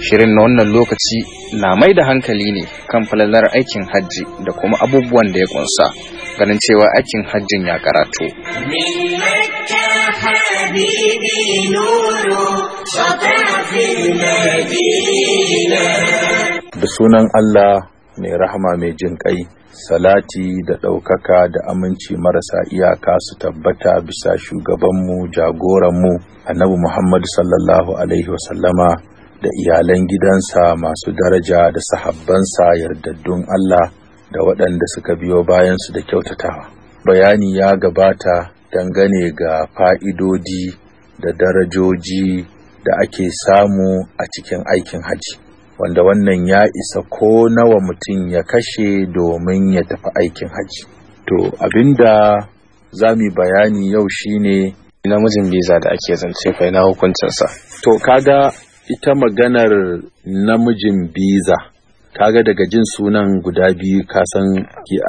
Shirin na wannan lokaci na mai da hankali ne kan falalar aikin hajji da kuma abubuwan da ya kunsa ganin cewa aikin hajjin ya karatu. Da sunan Allah mai rahama mai jin ƙai salati da ɗaukaka da aminci marasa iyaka su tabbata bisa shugabanmu jagoranmu annabi muhammadu sallallahu alaihi wasallama da iyalan gidansa masu daraja da sahabbansa yardaddun allah da waɗanda suka biyo bayansu da kyautatawa bayani ya gabata dangane ga fa'idodi da darajoji da ake samu a cikin aikin hajji wanda wannan ya isa ko nawa mutum ya kashe domin ya tafi aikin hajji to abinda za mu bayani yau shine namijin biza da ake zance kai na hukuncinsa to kaga ita maganar namijin biza kaga daga jin sunan guda biyu kasan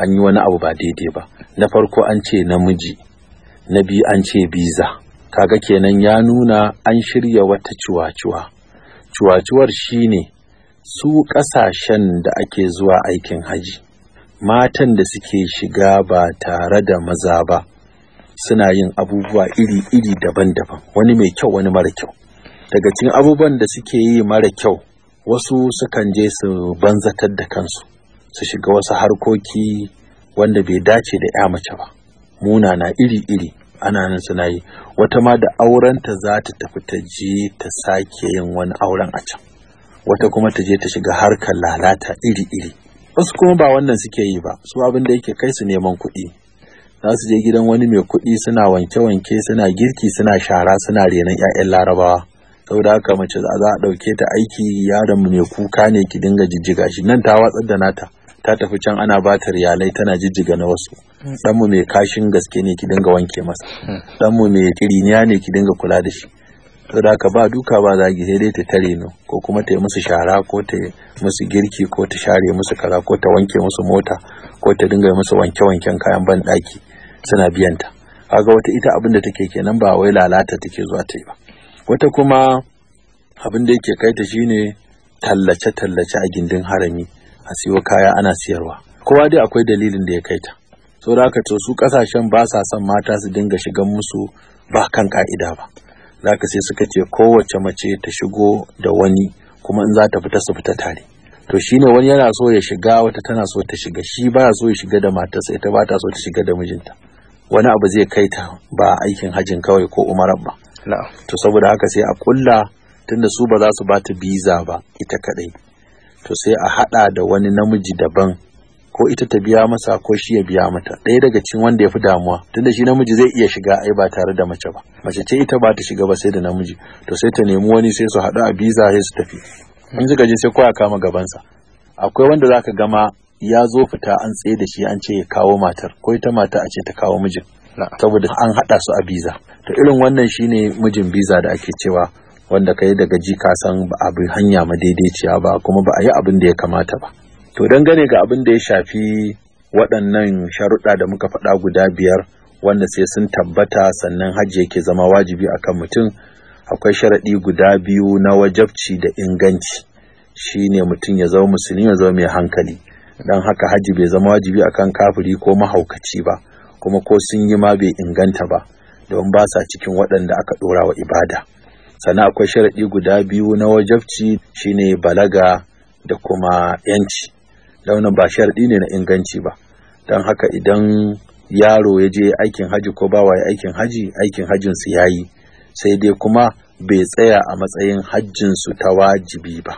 an yi wani abu ba daidai ba na farko an ce namiji na biyu an ce biza kaga kenan ya nuna an shirya wata ciwaciwa shi ne. su ƙasashen da ake zuwa aikin haji matan da suke shiga ba tare da maza ba suna yin abubuwa iri-iri daban-daban wani mai kyau wani mara kyau daga cikin abubuwan da suke yi mara kyau wasu sukan je su banzatar da kansu su shiga wasu harkoki wanda bai dace da ya mace ba muna na iri-iri ana nan suna yi wata ma da aurenta za ta tafi ta je ta sake yin wani auren a can wata kuma ta je ta shiga harkar lalata iri-iri wasu kuma ba wannan suke yi ba su abin da yake kai su neman kuɗi za su je gidan wani mai kuɗi suna wanke-wanke suna girki suna shara suna renon 'ya'yan larabawa saboda haka mace za a ɗauke ta aiki yaron mai kuka ne ki dinga jijjiga shi nan ta watsar da nata ta tafi can ana ba ta riyalai tana jijjiga na wasu dan hmm. mai kashin gaske ne ki dinga wanke masa dan hmm. mai kiriniya ne ki dinga kula da shi saboda da ka ba duka ba zagi sai dai ta tare ko kuma ta yi musu shara ko ta yi musu girki ko ta share musu kaza ko ta wanke musu mota ko ta dinga musu wanke-wanken kayan ban daki suna ta kaga wata ita abin da take kenan ba wai lalata take zuwa ta yi ba wata kuma abin da yake kai ta shine tallace-tallace a gindin harami a siyo kaya ana siyarwa kowa dai akwai dalilin da ya kai ta so haka to su kasashen ba sa son mata su dinga shigan musu ba kan ka'ida ba zaka sai suka ce kowace mace ta shigo da wani kuma in za ta fita su fita tare to shine wani yana so ya shiga wata tana so ta shiga shi baya so ya shiga da matarsa ita ba ta so ta shiga da mijinta wani abu zai kai ta ba aikin hajin kawai ko umarar ba to saboda haka sai a kulla tunda su ba za su ba ta biza ba ita kadai to sai a hada da wani namiji daban ko ita ta biya masa ko shi ya biya mata ɗaya daga cikin wanda ya fi damuwa tunda shi namiji zai iya shiga ai ba tare da mace ba mace ce ita ba ta shiga ba sai da namiji to sai ta nemi wani sai su haɗu a biza sai su tafi in suka je sai kowa kama gabansa akwai wanda zaka gama ya zo fita an tsaye da shi an ce ya kawo matar ko ita mata a ce ta kawo mijin saboda an haɗa su a biza to irin wannan shine mijin biza da ake cewa wanda kai daga ji ka san ba abu hanya ma madaidaiciya ba kuma ba a yi abin da ya kamata ba To dangane ga abin da ya shafi waɗannan sharuɗa da muka faɗa guda biyar wanda sai sun tabbata sannan hajji yake zama wajibi akan mutum akwai sharaɗi guda biyu na wajabci da inganci shi ne mutum ya zama musulmi ya zama mai hankali don haka hajji bai zama wajibi akan kafiri ko mahaukaci ba kuma ko sun yi ma bai inganta ba don ba sa cikin waɗanda aka ɗora wa ibada sannan akwai sharaɗi guda biyu na wajabci shine balaga da kuma yanci launin ba sharɗi ne na inganci ba don haka idan yaro ya je aikin haji ko bawa ya aikin haji aikin hajinsu ya yi, sai dai kuma bai tsaya a matsayin hajjinsu ta wajibi ba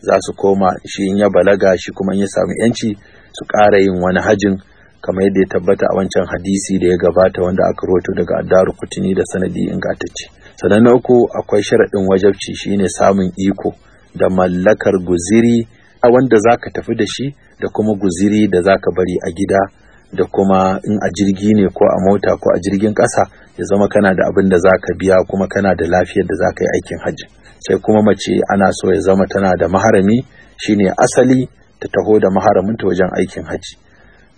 za su koma shi in ya balaga shi kuma in ya samu yanci su ƙara yin wani hajin kamar yadda ya tabbata a wancan hadisi da ya gabata wanda aka rawaito daga addaru kutini da sanadi ingantacce sannan na uku akwai sharaɗin wajabci shine samun iko da mallakar guziri a wanda za ka tafi da shi da kuma guziri da za ka bari a gida da kuma in a jirgi ne ko a mota ko a jirgin ƙasa ya zama kana da abin da za ka biya kuma kana da lafiyar da za ka yi aikin hajji sai kuma mace ana so ya zama tana da maharami shine asali ta taho da maharaminta wajen aikin hajji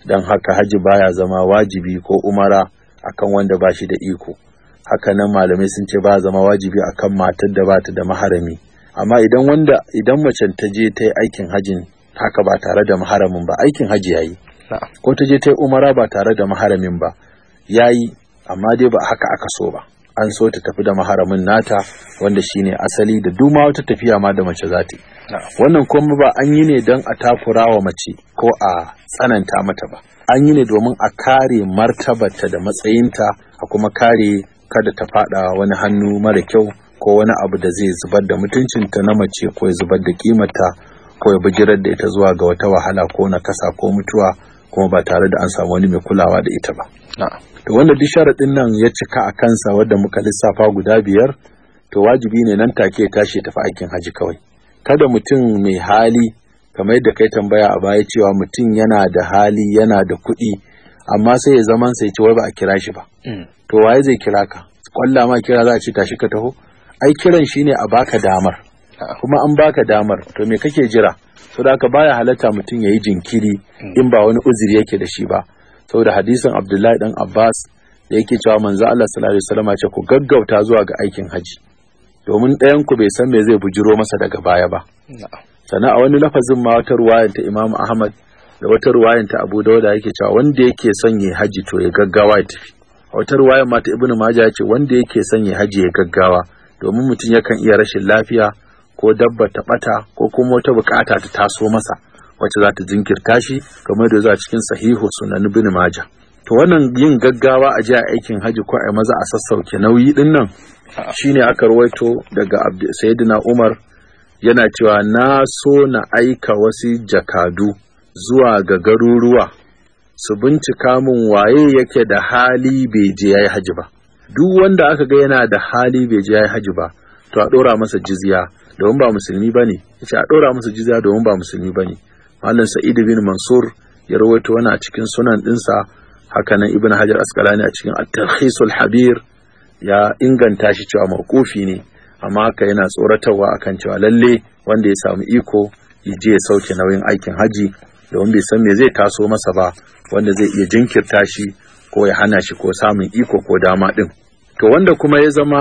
don haka hajji baya zama wajibi ko umara akan wanda ba shi da iko haka nan malamai sun ce ba zama wajibi akan matar da ba da maharami amma idan wanda idan macen ta je ta yi aikin hajin haka ba tare da maharamin ba aikin haji yayi ko ta je ta yi umara ba tare da maharamin ba yayi amma dai ba haka aka so ba an so ta tafi da maharamin nata wanda shine asali da duma wata tafiya ma da mace za ta wannan kuma ba an yi ne don a takura wa mace ko a tsananta mata ba an yi ne domin a kare martabarta da matsayinta a kuma kare kada ta fada wani hannu mara kyau ko wani abu da zai zubar da mutuncinta na mace ko zubar da kimata ko ya bijirar da ita zuwa ga wata wahala ko na kasa ko mutuwa kuma ba tare da an samu wani mai kulawa da ita ba. To wanda duk sharaɗin nan ya cika a kansa wadda muka lissafa guda biyar to wajibi ne nan take ya tashi tafi aikin haji kawai. Kada mutum mai hali kamar yadda kai tambaya a baya cewa mutum yana da hali yana da kuɗi amma sai ya zaman sai ce wai ba a kira shi ba. Mm. To waye zai kira ka? Kwalla ma kira za a ce tashi ka taho? ai kiran shine a baka damar kuma an baka damar to me kake jira saboda haka baya halatta mutum yayi jinkiri in ba wani uzuri yake da shi ba saboda hadisin Abdullahi dan Abbas da yake cewa manzo Allah sallallahu alaihi wasallam ce ku gaggauta zuwa ga aikin haji domin ɗayan ku bai san me zai bujiro masa daga baya ba sannan a wani lafazin ma wata ruwayan ta Imam Ahmad da wata ruwayan ta Abu Dawud yake cewa wanda yake son ya haji to ya gaggawa ya tafi wata ruwayan ma ta Ibn Majah yace wanda yake son ya haji ya gaggawa domin mutum yakan iya rashin lafiya ko dabba ta bata ko kuma wata bukata ta taso masa wacce za ta jinkirta shi kamar da za cikin sahihu sunan ibn maja to wannan yin gaggawa a jiya aikin haji ko a maza a sassauke nauyi din nan shine aka rawaito daga sayyidina umar yana cewa na so na aika wasu jakadu zuwa ga garuruwa su bincika mun waye yake da hali bai je yayi haji ba duk wanda aka ga yana da hali bai je ya haji ba to a ɗora masa jizya domin ba musulmi ba ne ya ce a ɗora masa jizya domin ba musulmi ba ne malam sa'idu bin mansur ya rawaito wani a cikin sunan ɗinsa hakanan ibn hajar askalani a cikin at-tarhisul habir ya inganta shi cewa mawqufi ne amma haka yana tsoratarwa akan cewa lalle wanda ya samu iko ya je ya sauke nauyin aikin haji domin bai san me zai taso masa ba wanda zai iya jinkirta shi ko ya hana shi ko samun iko ko dama ɗin. To wanda kuma ya zama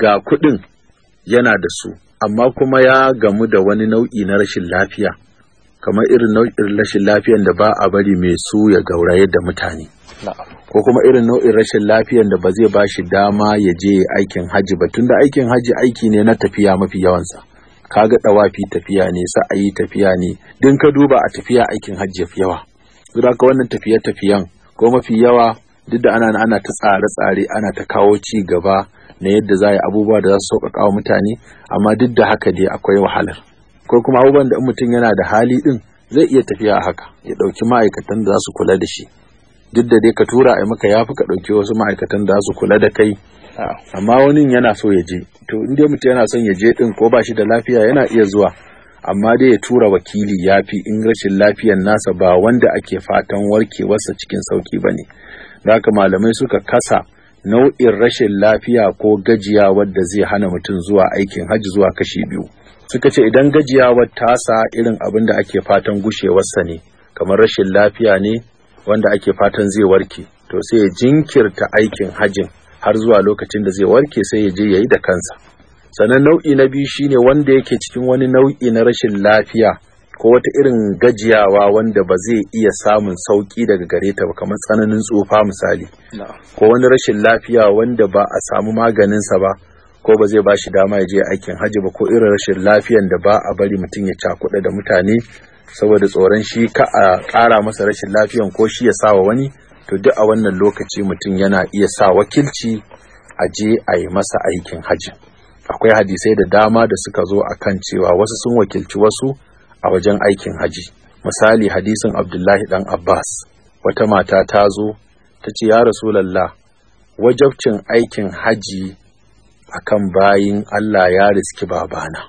ga kuɗin yana da su, amma kuma ya gamu da wani nau'i na rashin lafiya, kamar irin nau'in rashin lafiyan da ba a bari mai su ya gauraye da mutane. Ko kuma irin nau'in rashin lafiyan da ba zai ba shi dama ya je aikin hajji ba, tunda aikin hajji aiki ne na tafiya mafi yawansa. Kaga ɗawafi tafiya ne, sa'ayi tafiya ne, din ka duba a tafiya aikin hajji yawa. Zura ka wannan tafiye-tafiyen ko mafi yawa duk da ana ana ta tsare-tsare ana ta kawo ci gaba na yadda za yi abubuwa da za su sauƙaƙa wa mutane amma duk da haka dai akwai wahalar ko kuma abubuwan da in mutum yana da hali din zai iya tafiya a haka ya ɗauki ma'aikatan da za su kula da shi duk da dai ka tura a maka ya fi ka ɗauki wasu ma'aikatan da za su kula da kai amma wani yana so ya je to in dai mutum yana son ya je din ko ba shi da lafiya yana iya zuwa amma dai ya tura wakili ya fi in rashin lafiyar nasa ba wanda ake fatan warkewarsa cikin sauki ba ne haka malamai suka kasa nau'in rashin lafiya ko gajiya wadda zai hana mutum zuwa aikin hajji zuwa kashi biyu suka ce idan gajiya gajiyawar tasa irin abin da ake fatan gushewarsa ne kamar rashin lafiya ne wanda ake fatan zai warke to sai ya jinkirta aikin hajjin har zuwa lokacin da zai warke sai ya je ya yi da kansa sannan nau'i na biyu shine wanda yake cikin wani nau'i na rashin lafiya ko wata irin gajiyawa wanda ba zai iya samun sauki daga gare ta ba kamar tsananin tsufa misali ko wani rashin lafiya wanda ba a samu maganinsa ba ko ba zai bashi dama ya je aikin hajji ba ko irin rashin lafiyan da ba a bari mutum ya cakuɗa da mutane saboda tsoron shi ka a ƙara masa rashin lafiyan ko shi ya sa wa wani to duk a wannan lokaci mutum yana iya sa wakilci a je a yi masa aikin hajji akwai hadisai da dama da suka zo akan cewa wasu sun wakilci wasu a wajen aikin haji misali hadisin abdullahi dan abbas wata mata ta zo ta ce ya rasulallah wajabcin aikin haji akan bayin allah ya riski babana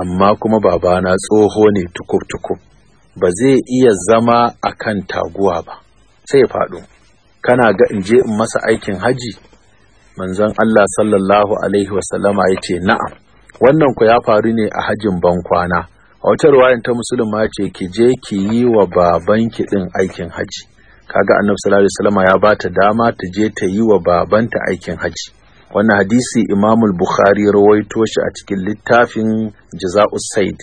amma kuma babana tsoho ne tukub-tukub ba zai iya zama akan taguwa ba sai faɗo kana ga in je in masa aikin haji manzon Allah sallallahu alaihi wasallama ya ce na'am wannan ku ya faru ne a hajjin bankwana a wata ruwayan ta musulma ce ki je ki yi wa babanki din aikin haji kaga annabi sallallahu alaihi wasallama ya bata dama ta je ta yi wa babanta aikin haji wannan hadisi imamul bukhari rawaito shi a cikin littafin jaza'us said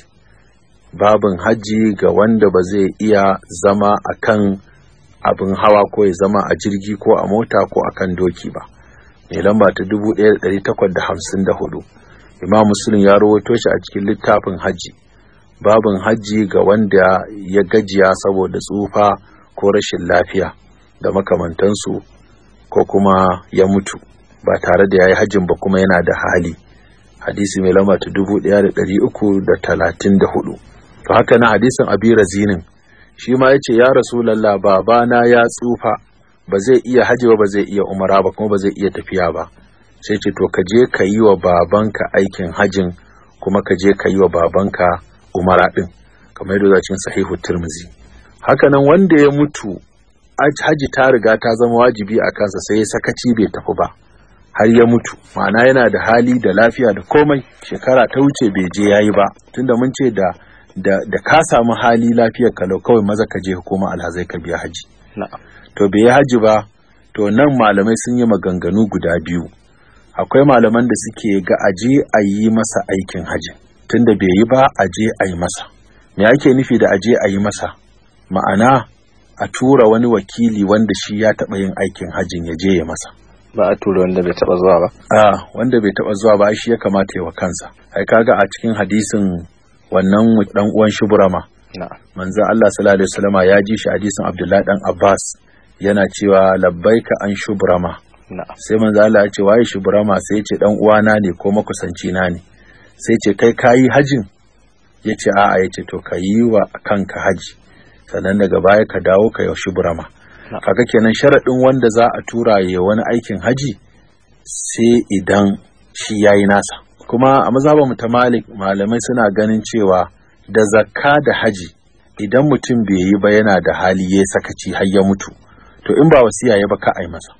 babin haji ga wanda ba zai iya zama akan abin hawa ko ya zama a jirgi ko a mota ko akan doki ba mai lamba ta 1854 imam musulun ya rawaito shi a cikin littafin hajji babin hajji ga wanda ya gajiya saboda tsufa ko rashin lafiya da makamantansu ko kuma ya mutu ba tare da ya yi hajjin ba kuma yana da hali hadisi mai lamba ta 1334 to haka na hadisin abi razinin shi ma ya ce ya rasu lalla babana ya tsufa ba zai iya haji ba ba zai iya umara ba kuma ba zai iya tafiya ba sai ce to ka je ka yi wa babanka aikin hajin kuma ka je ka yi wa babanka umara din kamar yadda zacin sahihu tirmizi hakanan wanda ya mutu haji ta riga ta zama wajibi a kansa sai ya sakaci bai tafi ba har ya mutu ma'ana yana da hali da lafiya da komai shekara ta wuce bai je yayi ba tunda mun ce da da ka samu hali lafiyar kalau kawai maza ka je hukuma alhazai ka biya haji na'am to bai yi haji ba to nan malamai sun yi maganganu guda biyu akwai malaman da suke ga aje a yi masa aikin hajji tunda bai yi ba aje a yi masa me ake nufi da aje a yi masa ma'ana a tura wani wakili wanda shi ya taɓa yin aikin hajjin ya je ya masa ba a tura wanda bai taba zuwa ba a wanda bai taɓa zuwa ba shi ya kamata ya wa kansa ai kaga a cikin hadisin wannan dan uwan shuburama manzo Allah sallallahu alaihi wasallama ya ji shi hadisin Abdullahi dan Abbas yana cewa labbaika an shubrama sai manzo Allah ya ce waye shubrama sai ce dan uwana ne ko makusanci na ne sai ce kai kayi hajin ya ce a'a ya ce to ka yi wa kanka haji sannan daga baya ka dawo ka yi shubrama kaga kenan sharaɗin wanda za a tura ya wani aikin haji sai idan shi yayi nasa kuma a mazhabar mu ta Malik malamai suna ganin cewa da zakka da haji idan mutum bai yi ba yana da hali ya sakaci har ya mutu to in ba wasiya ya ba ka yi masa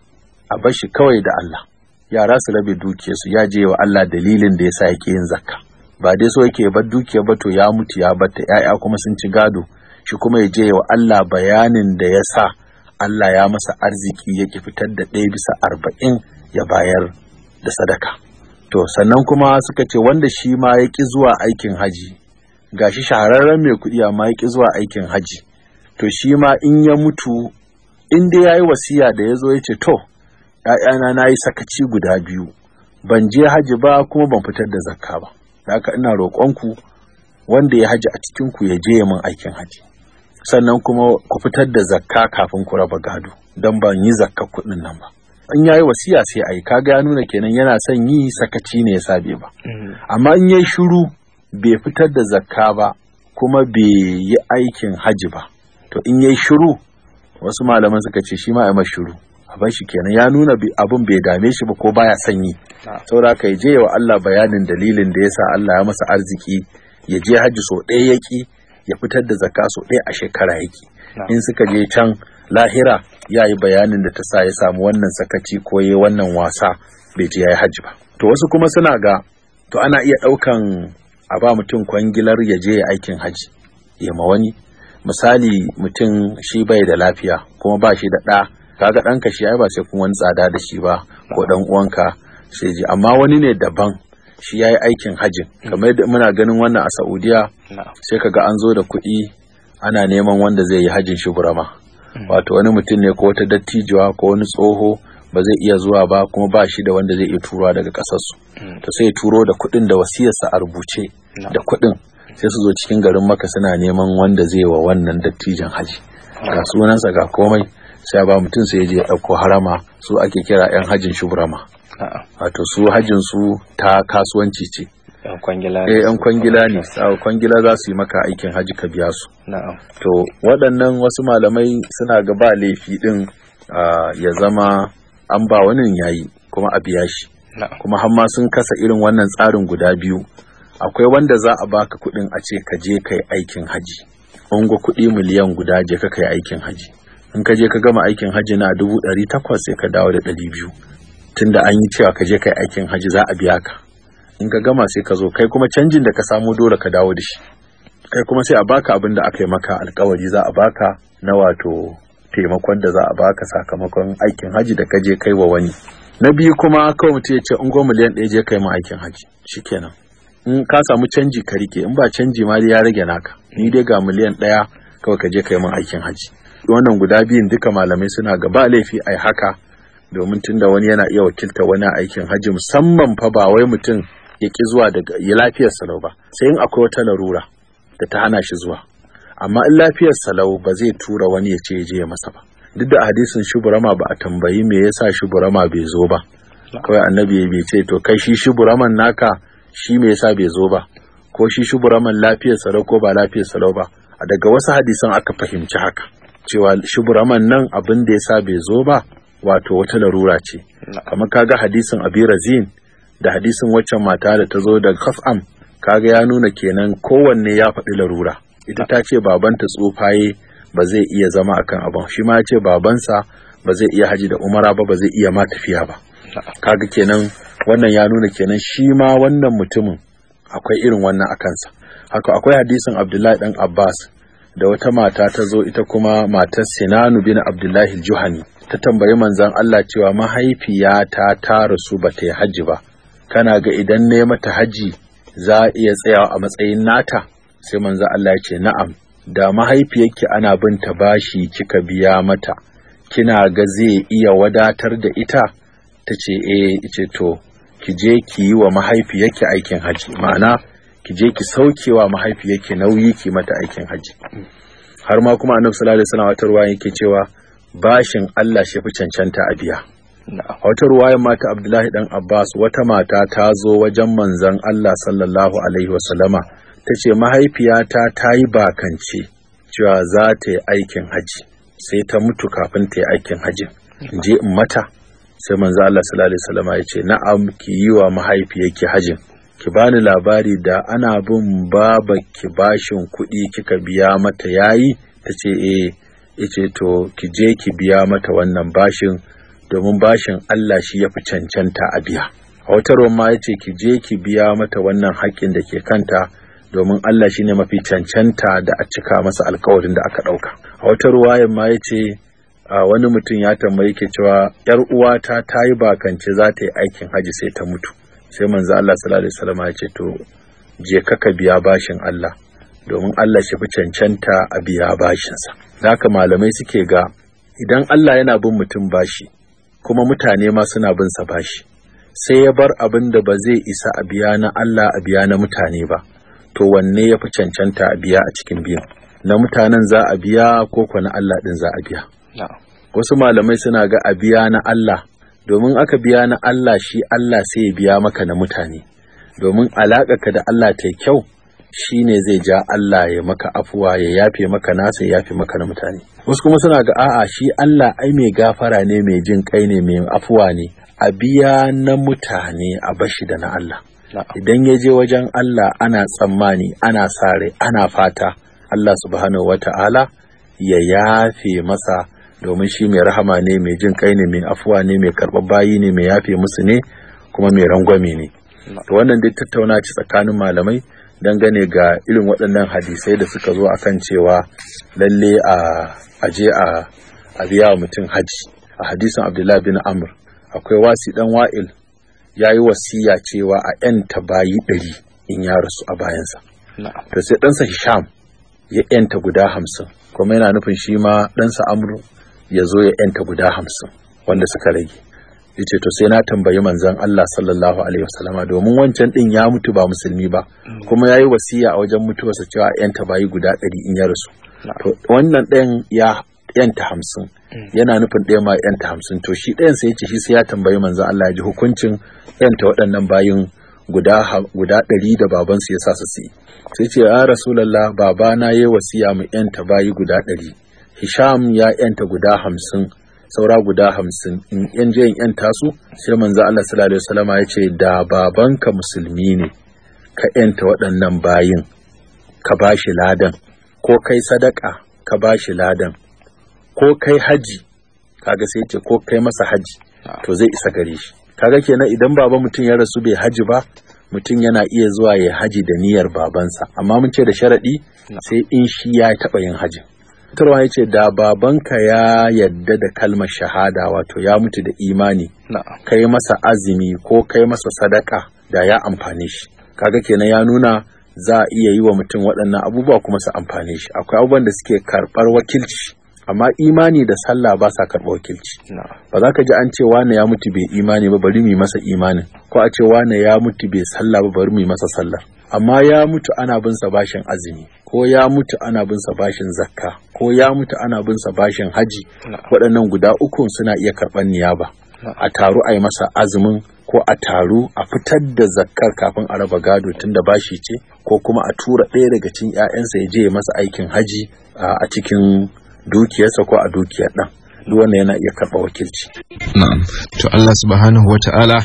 a bar shi kawai da Allah yara su rabe dukiyarsu ya je wa Allah dalilin da yasa yake yin zakka ba dai so yake bar dukiya ba to ya mutu ya batta ya'ya kuma sun ci gado shi kuma ya je wa Allah bayanin da ya sa Allah ya masa arziki yake fitar da ɗaya bisa arba'in ya bayar da sadaka to sannan kuma suka ce wanda shi ma ya ƙi zuwa aikin haji gashi shahararren mai kuɗi amma ya ƙi zuwa aikin haji to shi ma in ya mutu in dai yayi wasiya da yazo ce to ‘ya'yana na yi sakaci guda biyu ban je haji ba kuma ban fitar da zakka ba da haka ina roƙonku wanda ya haji a cikinku ya je min aikin haji sannan kuma ku fitar da zakka kafin ku raba gado don ban yi zakka kuɗin nan ba in yayi wasiya sai a yi kaga ya nuna kenan yana son yi sakaci ne ya sabe ba mm-hmm. amma in yayi shiru bai fitar da zakka ba kuma bai yi aikin haji ba to in yayi shiru wasu malaman suka ce shi ma ya mashuru abin shi kenan ya nuna abin bai dame shi ba ko baya sanyi ah. saboda kai je wa Allah bayanin dalilin da ya sa Allah ya masa arziki ya je hajji so ɗaya yaki ya fitar da zaka so ɗaya a shekara yaki ah. in suka je can lahira ya yi bayanin da ta sa ya samu wannan sakaci ko ya wannan wasa bai je ya yi hajji ba to wasu kuma suna ga to ana iya ɗaukan a ba mutum kwangilar ya je ya aikin hajji ya ma wani misali mutum shi bai da lafiya kuma ba shi da ɗa kaga ɗanka shi ai ba sai kun wani tsada da shi ba ko ɗan uwanka sai ji amma wani ne daban shi ya yi aikin hajjin kamar yadda muna ganin wannan a saudiya sai kaga an zo da kuɗi ana neman wanda zai yi hajjin shi burama hmm. wato wani mutum ne ko wata dattijuwa ko wani tsoho ba zai iya zuwa ba kuma ba shi da wanda zai iya turuwa daga ƙasarsu hmm. to sai turo da kuɗin da wasiyarsa a rubuce da kuɗin sai su zo cikin garin maka suna neman wanda zai wa wannan dattijan haji ga sunansa ga komai sai ba mutum sai je ɗauko harama su ake kira 'yan hajin shubrama wato su hajin su ta kasuwanci ce yan kwangila ne eh, kwangila za su yi maka aikin haji ka biya su to waɗannan wasu malamai suna ga ba laifi din ya zama an ba wani yayi kuma a biya shi kuma hamma sun kasa irin wannan tsarin guda biyu akwai wanda za a baka kuɗin a ce ka je kai aikin haji ungo kuɗi miliyan guda je ka kai aikin haji in ka je ka gama aikin haji na dubu ɗari takwas sai ka dawo da ɗari biyu tunda an yi cewa ka je kai aikin haji za a biya ka in ka gama sai ka zo kai kuma canjin da ka samu dole ka dawo da shi kai kuma sai a baka abin da aka yi maka alkawari za a baka na wato taimakon da za a baka sakamakon aikin haji da ka je kai wa wani na biyu kuma kawai mutum ya ce ungo miliyan ɗaya je kai ma aikin haji shikenan in ka samu canji ka rike in ba canji ma ya rage naka ni dai ga miliyan ɗaya kawai ka je ka yi min aikin hajji wannan guda biyun duka malamai suna gaba laifi ayi haka domin tunda wani yana iya wakilta wani aikin hajji musamman fa ba wai mutum ya ki zuwa daga ya lafiyar salau ba sai in akwai wata larura da ta hana shi zuwa amma in lafiyar salau ba zai tura wani ya ce ya je ya masa ba duk da hadisin shuburama ba a tambayi me yasa shuburama bai zo ba kawai annabi ya bai ce to kai shi shuburaman naka shi me sa bai zo ba ko shi shuburaman lafiyar salo ko ba lafiyar salo ba a daga wasu hadisan aka fahimci haka cewa shuburaman nan abin da ya sa bai zo ba wato wata larura ce kamar kaga hadisin abi razin da hadisin waccan mata da ta zo da kaf'am kaga ya nuna kenan kowanne ya faɗi larura ita ta ce babanta tsufaye ba zai iya zama akan abin shi ma ya ce babansa ba zai iya haji da umara ba ba zai iya ma tafiya ba kaga kenan wannan ya nuna kenan shi ma wannan mutumin akwai irin wannan a kansa haka akwai hadisin abdullahi dan abbas da wata mata ta zo ita kuma matar sinanu bin abdullahi juhani ta tambayi manzan allah cewa mahaifiyata ta rasu ba ta yi hajji ba kana ga idan ne mata hajji za a iya tsayawa a matsayin nata sai manzan allah ya ce na'am da mahaifiyarki ana bin ta bashi kika biya mata kina ga zai iya wadatar da ita ta ce eh ce to ki je ki yi wa mahaifi mahaifiyarki aikin haji ma'ana ki je ki sauke wa mahaifi yake nauyi ki mata aikin haji har ma kuma annabi sallallahu alaihi wasallam wata ruwaya yake cewa bashin Allah shi fi cancanta a biya wata ruwaya mata Abdullahi dan Abbas wata mata ta zo wajen manzon Allah sallallahu alaihi wasallama ta ce mahaifiyata ta yi bakance cewa za ta yi aikin haji sai ta mutu kafin ta yi aikin haji je in mata sai manzo Allah sallallahu alaihi wasallam ya ce na'am ki yi wa mahaifiyarki hajin ki bani labari da ana bin baba ki bashin kuɗi kika biya mata yayi tace ce eh yace to ki je ki biya mata wannan bashin domin bashin Allah shi ya cancanta a biya a ma yace ki je ki biya mata wannan haƙƙin da ke kanta domin Allah shine mafi cancanta da a cika masa alƙawarin da aka ɗauka a wata ma yace a wani mutum ya tambayi ke cewa yar uwata ta yi bakance za ta yi aikin haji sai ta mutu sai manzo Allah sallallahu alaihi wasallam ya ce to je ka biya bashin Allah domin Allah shi fi cancanta a biya bashin sa. haka malamai suke ga idan Allah yana bin mutum bashi kuma mutane ma suna bin sa bashi sai ya bar abin da ba zai isa a biya na Allah a biya na mutane ba to wanne ya fi cancanta a biya a cikin biyan na mutanen za a biya ko na Allah din za a biya wasu malamai suna ga a biya na Allah domin aka biya na Allah shi Allah sai ya biya maka na mutane domin ka da Allah ta kyau shi ne zai ja Allah ya maka afuwa ya yafe maka nasa ya yafe maka na mutane wasu kuma suna ga a'a shi Allah ai mai gafara ne mai jin kai ne mai afuwa ne a biya na mutane a bashi da na Allah idan ya je wajen Allah ana tsammani ana sare ana fata Allah subhanahu wata'ala ya yafe masa domin shi mai rahama ne mai jin kai ne mai afuwa ne mai karɓar bayi ne mai yafe musu ne kuma mai rangwame ne to wannan dai tattauna ci tsakanin malamai dangane ga irin waɗannan hadisai da suka zo akan cewa lalle a aje a a biya wa mutum haji a hadisin abdullahi bin amr akwai wasi dan wa'il ya yi wasiya cewa a yanta bayi ɗari in ya rasu a bayansa to sai ɗansa hisham ya yanta guda hamsin kuma yana nufin shi ma ɗansa amru ya zo ya yanta guda hamsin wanda suka rage ya ce to sai na tambayi manzan Allah sallallahu alaihi wasallama domin wancan din ya mutu ba musulmi ba kuma ya yi wasiya a wajen mutuwarsa cewa yanta bayi guda ɗari in ya rasu to wannan ɗayan ya yanta hamsin yana nufin ɗaya ma yanta hamsin to shi ɗayan sai ya shi sai ya tambayi manzon Allah ya ji hukuncin yanta waɗannan bayin guda guda ɗari da babansu ya sa su sai ce ya rasulallah babana ya wasiya mu yanta bayi guda ɗari hisham ya yanta guda hamsin saura guda hamsin in yan je in yanta su sai manzo Allah sallallahu alaihi wasallama ya ce da babanka musulmi ne ka yanta waɗannan bayin ka bashi ladan ko kai sadaka ka bashi ladan ko kai haji kaga sai ce ko kai masa haji to zai isa gare shi kaga kenan idan baba mutum ya rasu bai haji ba mutum yana iya zuwa ya haji da niyyar babansa amma mun ce da sharadi sai in shi ya taɓa yin hajin tarwa ya ce da babanka ya yadda da kalmar shahada wato ya mutu da imani kai masa azumi ko kai masa sadaka da ya amfane shi kaga kenan ya nuna za a iya yi wa mutum waɗannan abubuwa kuma su amfane shi akwai abubuwan da suke karɓar wakilci amma imani da sallah ba sa karɓar wakilci ba za ka ji an ce wane ya mutu bai imani ba bari mu masa imanin ko a ce wane ya mutu bai sallah ba bari mu masa sallar amma ya mutu ana bin sa bashin azumi ko ya mutu ana bin sa bashin zakka ko ya mutu ana bin sa bashin haji waɗannan guda uku suna iya karɓar niyaba a taru a yi masa azumin ko a taru a fitar da zakkar kafin a raba gado tun da bashi ce ko kuma a tura ɗaya daga cin 'ya'yansa ya je masa aikin haji a cikin dukiyarsa ko a dukiyar ɗan duk wanda yana iya karɓa wakilci. Na'am. To Allah subhanahu wata'ala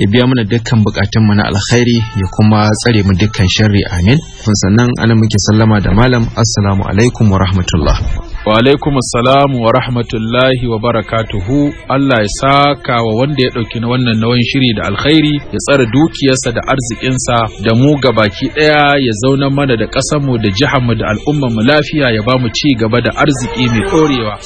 ya biya mana dukkan bukatun mu na alkhairi ya kuma tsare mu dukkan sharri amin. Sannan ana muke sallama da malam assalamu alaikum wa rahmatullah. wa alaikum salamu wa rahmatullahi wa barakatuhu Allah ya saka wa wanda ya ɗauki na wannan nawan shiri da alkhairi ya tsara dukiyarsa da arzikinsa da mu baki ɗaya ya zauna mana da ƙasarmu da jiharmu da al'ummarmu lafiya ya ba mu ci gaba da arziki mai ɗorewa.